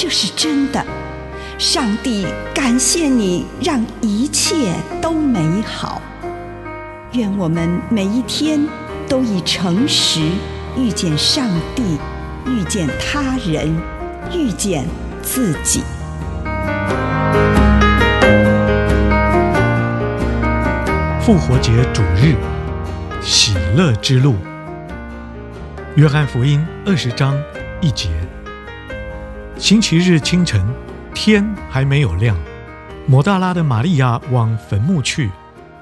這是真的，上帝感謝你讓一切都美好。願我們每一天都以誠實遇見上帝，遇見他人，遇見自己。復活節主日，喜樂之路，約翰福音二十章一節。星期日清晨，天還沒有亮，摩大拉的瑪利亞往墳墓去，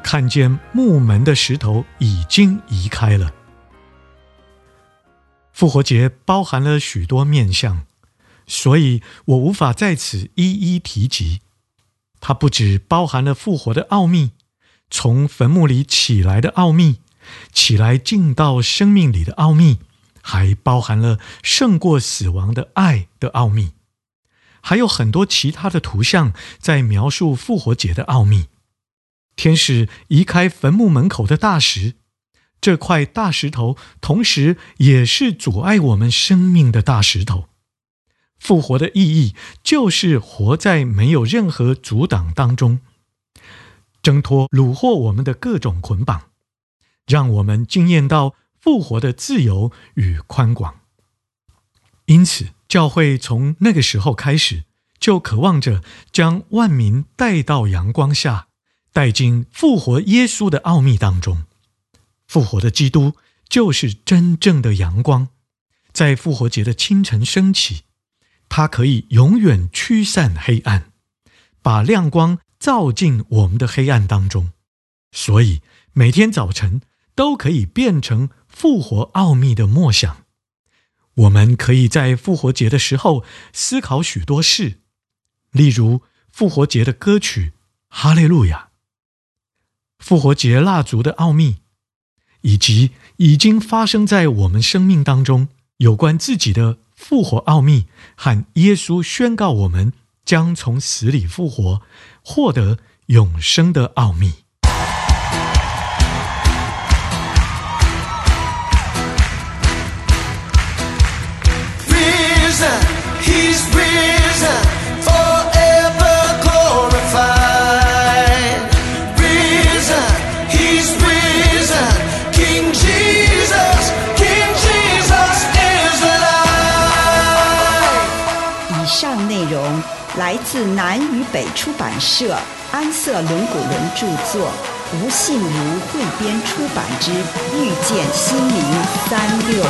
看見墓門的石頭已經移開了。復活節包含了許多面向，所以我無法在此一一提及。它不只包含了復活的奧秘，從墳墓裡起來的奧秘，起來進到生命裡的奧秘。還包含了勝過死亡的愛的奧秘，還有很多其他的圖像在描述復活節的奧秘。天使移開墳墓門口的大石，這塊大石頭同時也是阻礙我們生命的大石頭。復活的意義就是活在沒有任何阻擋當中，掙脫虜獲我們的各種捆綁，讓我們驚艷到。復活的自由與寬廣，因此教會從那個時候開始就渴望着將萬民帶到陽光下，帶進復活耶穌的奧秘當中。復活的基督就是真正的陽光，在復活節的清晨升起，它可以永遠驅散黑暗，把亮光照進我們的黑暗當中。所以每天早晨都可以變成。復活奧秘的默想，我們可以在復活節的時候思考許多事，例如復活節的歌曲《哈利路亞》，復活節蠟燭的奧秘，以及已經發生在我們生命當中有關自己的復活奧秘和耶穌宣告我們將從死裡復活、獲得永生的奧秘。自南與北出版社，安瑟倫古倫著作，吳信如彙編出版之《遇見心靈三六五》。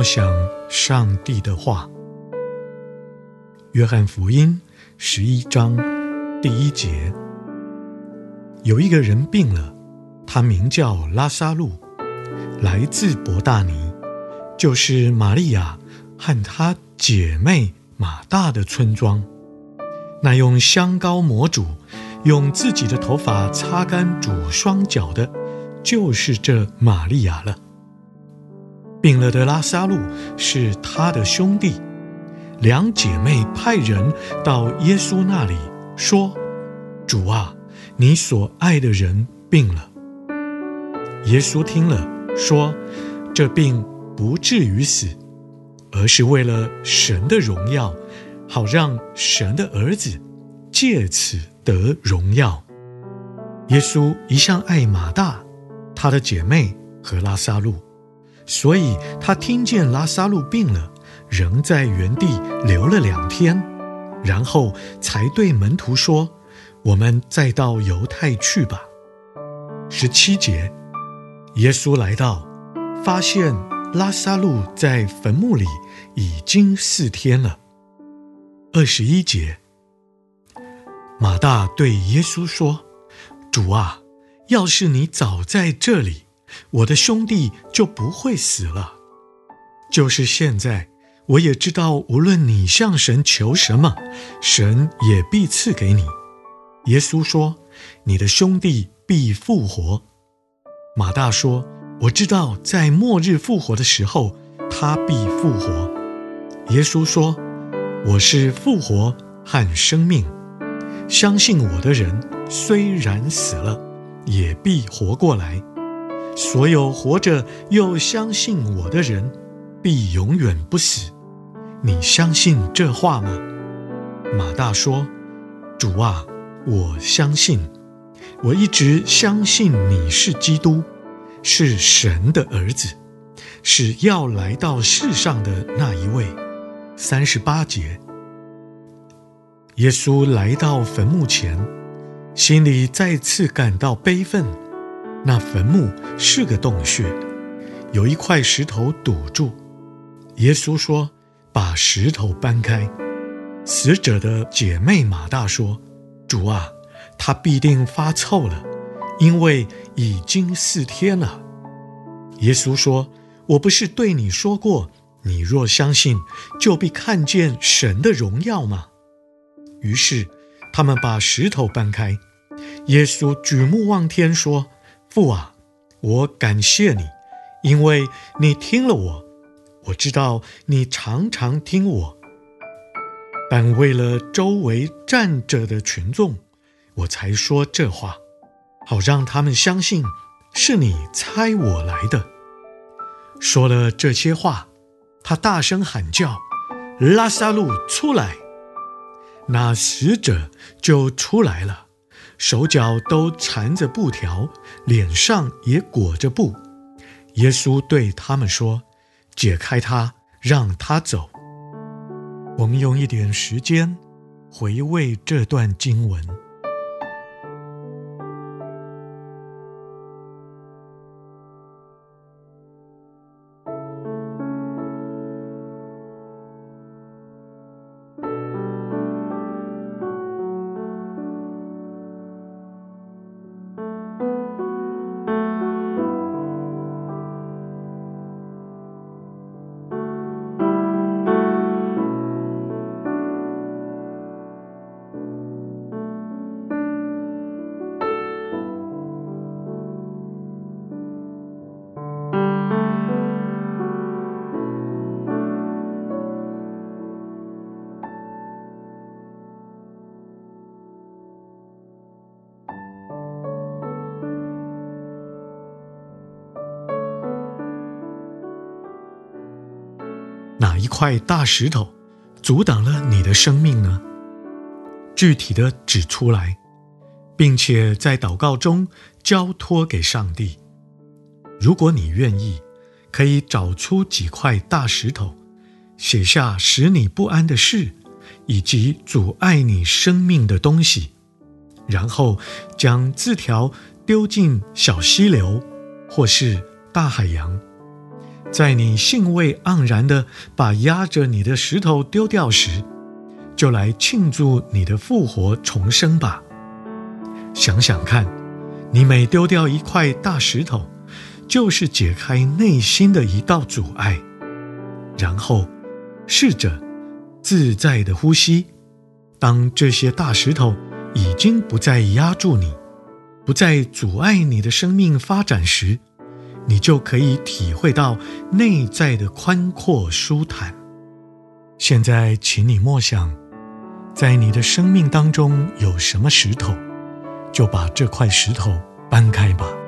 默想上帝的話，《約翰福音》十一章第一節：有一個人病了，他名叫拉撒路，來自伯大尼，就是瑪利亞和她姐妹馬大的村莊。那用香膏抹主，用自己的頭髮擦乾主雙腳的，就是這瑪利亞了。病了的拉撒路是他的兄弟，兩姐妹派人到耶穌那裡說：“主啊，你所愛的人病了。”耶穌聽了說：“這病不至於死，而是為了神的榮耀，好讓神的兒子借此得榮耀。”耶穌一向愛馬大，他的姐妹和拉撒路。所以，他聽見拉撒路病了，仍在原地留了兩天，然後才對門徒說：“我們再到猶太去吧。”十七節，耶穌來到，發現拉撒路在墳墓裡已經四天了。二十一節，馬大對耶穌說：“主啊，要是你早在這裡！”我的兄弟就不會死了。就是現在，我也知道，無論你向神求什麼，神也必賜給你。耶穌說：“你的兄弟必復活。”馬大說：“我知道，在末日復活的時候，他必復活。”耶穌說：“我是復活和生命，相信我的人，雖然死了，也必活過來。”所有活着又相信我的人，必永遠不死。你相信這話嗎？馬大說：“主啊，我相信。我一直相信你是基督，是神的兒子，是要來到世上的那一位。”三十八節，耶穌來到墳墓前，心裡再次感到悲憤。那墳墓是個洞穴，有一塊石頭堵住。耶穌說：“把石頭搬開。”死者的姐妹馬大說：“主啊，他必定發臭了，因為已經四天了。”耶穌說：“我不是對你說過，你若相信，就必看見神的榮耀嗎？”於是他們把石頭搬開。耶穌舉目望天說。父啊，我感謝你，因為你聽了我。我知道你常常聽我，但為了周圍站着的群眾，我才說這話，好讓他們相信是你差我來的。說了這些話，他大聲喊叫：“拉撒路出來！”那死者就出來了。手腳都纏着布條，臉上也裹着布。耶穌對他們說：“解開他，讓他走。”我們用一點時間回味這段經文。塊大石頭阻擋了你的生命呢？具體的指出來，並且在禱告中交托給上帝。如果你願意，可以找出幾塊大石頭，寫下使你不安的事，以及阻礙你生命的東西，然後將字條丟進小溪流或是大海洋。在你興味盎然地把壓着你的石頭丟掉時，就來慶祝你的復活重生吧。想想看，你每丟掉一塊大石頭，就是解開內心的一道阻礙。然後試着自在地呼吸。當這些大石頭已經不再壓住你，不再阻礙你的生命發展時，你就可以體會到內在的寬闊舒坦。現在請你默想，在你的生命當中有什麼石頭，就把這塊石頭搬開吧。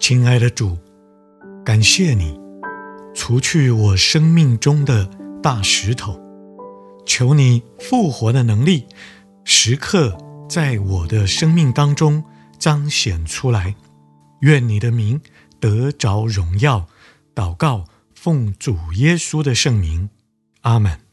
親愛的主，感謝你除去我生命中的大石頭，求你復活的能力時刻在我的生命當中彰顯出來。願你的名得着榮耀。禱告，奉主耶穌的聖名，阿門。